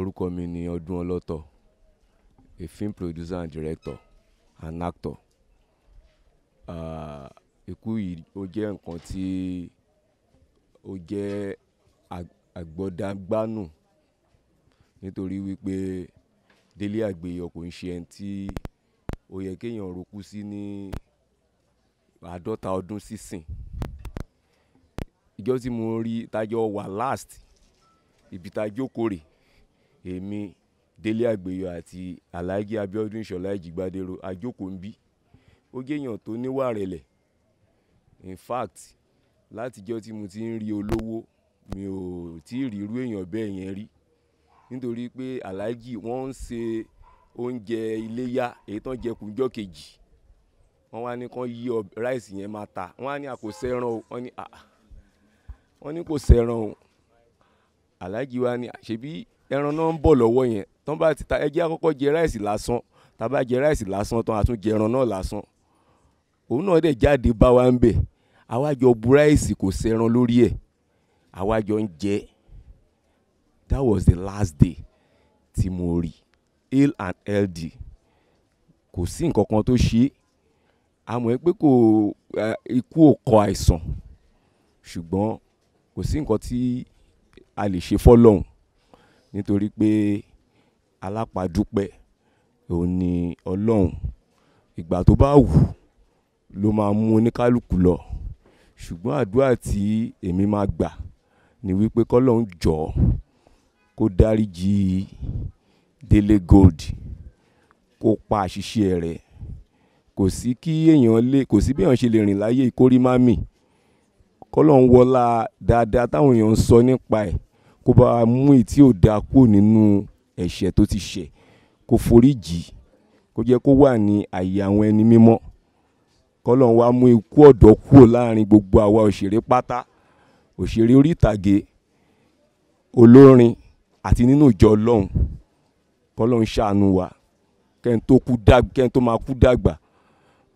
Orúkọ mi ni Ọdúnọlọ́tọ̀, a film producer and director and actor. Ah, ikú yìí ó jẹ́ nǹkan tí ó jẹ́ àgbọ́dágbánù nítorí wípé Délé Àgbéyọ̀ kò ń ṣe ẹni tí ó yẹ kí rokú sí ní àádọ́ta ọdún sísìn. Ijọ́ tí mo rí tajọ́ wà last, ibi ta jókòó rè èmi Délé Àgbéyọ àti Alhaji Abiodun Ìṣọ̀lá Ẹ̀jìgbadéró àjókòó ń bí ó jẹ́ tó níwà rẹ̀lẹ̀ in fact látijọ́ tí mo ti ń rí olówó mi ò tí ì rí irú èèyàn bẹ́ẹ̀ yẹn rí nítorí pé Alhaji wọ́n ń ṣe oúnjẹ iléyá èyí tán jẹ kùnjọ́ kejì wọ́n wá ní kán yí ráìsì yẹn máa ta wọ́n á ní àkó sẹ́ran o wọ́n ní àà ah, ah. wọ́n ní kò sẹ́ran o Alhaji wa ní àṣebí ẹran náà ń bọ̀ lọ́wọ́ yẹn tán bá ti ta ẹjẹ́ àkọ́kọ́ jẹ ráìsì lásán tá bá jẹ ráìsì lásán tán àtún jẹ ẹran náà lásán òun náà dẹ̀ jáde bá wa ń bẹ̀ àwájọ bu ráìsì kò sẹ́ran lórí ẹ̀ àwájọ ń jẹ that was the last day tí mo rí ill and healthy kò sí nǹkan kan tó ṣe é àmọ́ ẹ pé kò ikú ò àìsàn ṣùgbọ́n kò sí nǹkan tí a lè ṣe fọ́lọ́hún nítorí pé alápàdúpẹ́ òun ni Ọlọ́run ìgbà tó bá wù ló máa mú oníkálukú lọ ṣùgbọ́n àdúrà tí èmi máa gbà ni wípé kọ́lọ́hún jọ̀ọ́ kó dáríji Délé Gold kó pa àṣìṣe rẹ̀ kò sí kí èèyàn lè kò sí bí èèyàn ṣe lè rìn láyé ìkórìmámì kọ́lọ́hún wọlá dáadáa táwọn èèyàn ń sọ nípa ẹ̀ kó bá wa mú èyí tí ò dáa kúrò nínú ẹ̀ṣẹ̀ tó ti ṣẹ̀ kó foríjì kó jẹ́ kó wà ní àyè àwọn ẹni mímọ́ kọ́lọ́n wa mú ikú ọ̀dọ́ kúrò láàrin gbogbo àwa òṣèré pátá òṣèré orí ìtàgé olórin àti nínú ìjọ ọlọ́run kọ́lọ́n ṣàánú wa kẹ́ni tó máa kú dàgbà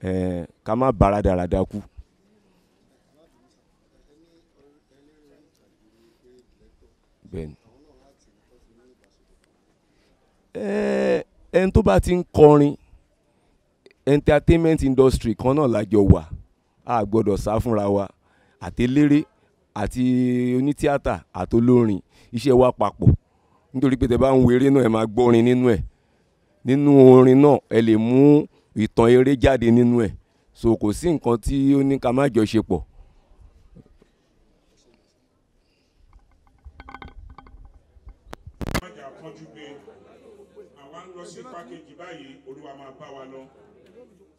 eh, ká má bàrà dáradá kú. bẹ́ẹ̀ni. ẹni tó bá ti ń kọrin entertainment industry kan náà lájọ wà a gbọ́dọ̀ sá fúnra wa àtẹléré àti onítíátà àtolórin iṣẹ́ wa papọ̀ nítorí pé tẹ bá ń wo eré náà ẹ máa gbọ́rin nínú ẹ̀ nínú orin náà ẹ lè mú ìtàn eré jáde nínú ẹ̀ so kò sí nǹkan tí ó ní ká má jọ ṣe pọ̀ kejì báyìí olúwa máa bá wa lọ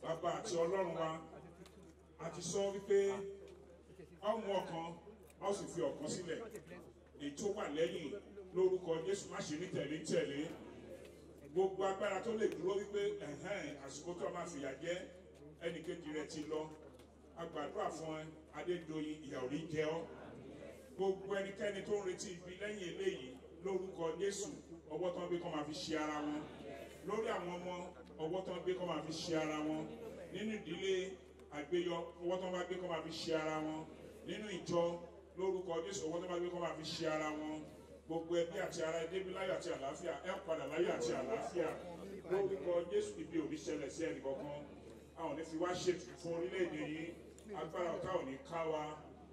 bàbá àti ọlọ́run wa a ti sọ wípé ọmọ ọkàn a ó sì fi ọkàn sílẹ̀ èyí tó wà lẹ́yìn lórúkọ jésù má ṣe ní tẹ̀lé tẹ̀lé gbogbo agbára tó lè dúró wípé ẹ̀hẹ́n àsìkò tó máa fìyà jẹ ẹnì kejì rẹ ti lọ agbàdúrà fún ẹ adédoyin ìyàwó rí jẹ ọ gbogbo ẹnikẹ́ni tó ń retí ibi lẹ́yìn eléyìí lórúkọ jésù ọwọ́ tán bí kò máa fi ṣe ara wọn lórí àwọn ọmọ ọwọ́ tó ń gbé kọ́ máa fi ṣe ara wọn nínú ìdílé àgbéyọ ọwọ́ tó ń gbé kọ́ máa fi ṣe ara wọn nínú ìjọ lórúkọ Jésù ọwọ́ tó ń gbé kọ́ máa fi ṣe ara wọn gbogbo ẹbí àti ara ẹdẹbí láyọ̀ àti àlàáfíà ẹ padà láyọ̀ àti àlàáfíà lórúkọ Jésù ibi òbí ṣẹlẹ̀ sí ẹnì kankan a ò ní fi wá ṣètò fún orílẹ̀-èdè yìí agbára ọ̀tá ò ní ká wa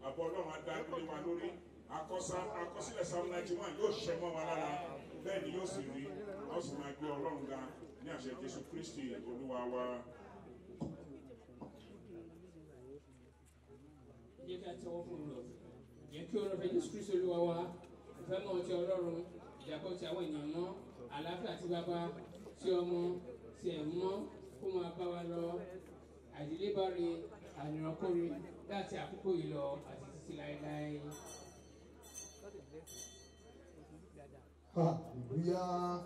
àbọ̀ ọlọ́run adágúnlé wa lórí àkọsílẹ̀ sáwọn náírà yóò ṣẹ́ mọ́ wa lára bẹ́ẹ̀ ni yóò sì rí ó sì máa gbé ọlọ́run ga ní àṣẹ Jésù Kristi olúwa wa. fẹ́ Jésù Kristi ọlọ́run ìdàpọ̀ ti àwọn ènìyàn mọ́ àlàáfíà ti bàbá ti ọmọ ti ẹ̀mí mọ́ kó máa bá wa lọ àdílé bá ànìrànkórè láti àkókò yìí lọ àti títí láéláé. Hallelujah.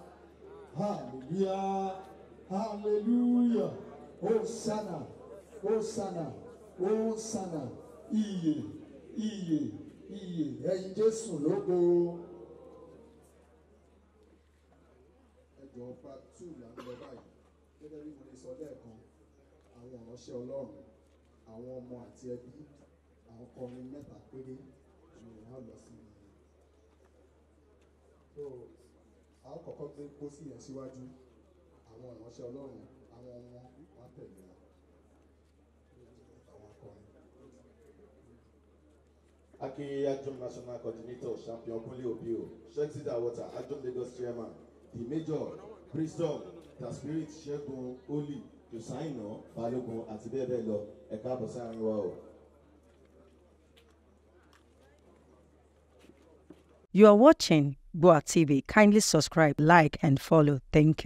Hallelujah. Hallelujah. Hosanna. Hosanna. Hosanna. Iye! Iye! Iye! Ẹyin Jésù lógo. Ẹjọ́ part two là báyìí. Gẹ́gẹ́ bí mo lè sọ lẹ́ẹ̀kan, àwọn ìránṣẹ́ Ọlọ́run, àwọn ọmọ àti ẹbí, àwọn kọrin mẹ́ta péré ni wọ́n lọ sí i a ó kọ́kọ́ gbé pósí yẹn síwájú àwọn ìránṣẹ́ ọlọ́run àwọn ọmọ wọn tẹ̀lé wọn àwọn akọrin. Aki Ajum National Coordinator Champion Kunle Obio, Shexida Water, Ajum Lagos Chairman, The Major, Bristol, The Spirit Ṣẹ́gun Oli, Yosaina Balogun àti bẹ́ẹ̀ bẹ́ẹ̀ lọ, ẹ̀ka àbọ̀ sáárín wa o. You are watching Boa TV. Kindly subscribe, like, and follow. Thank you.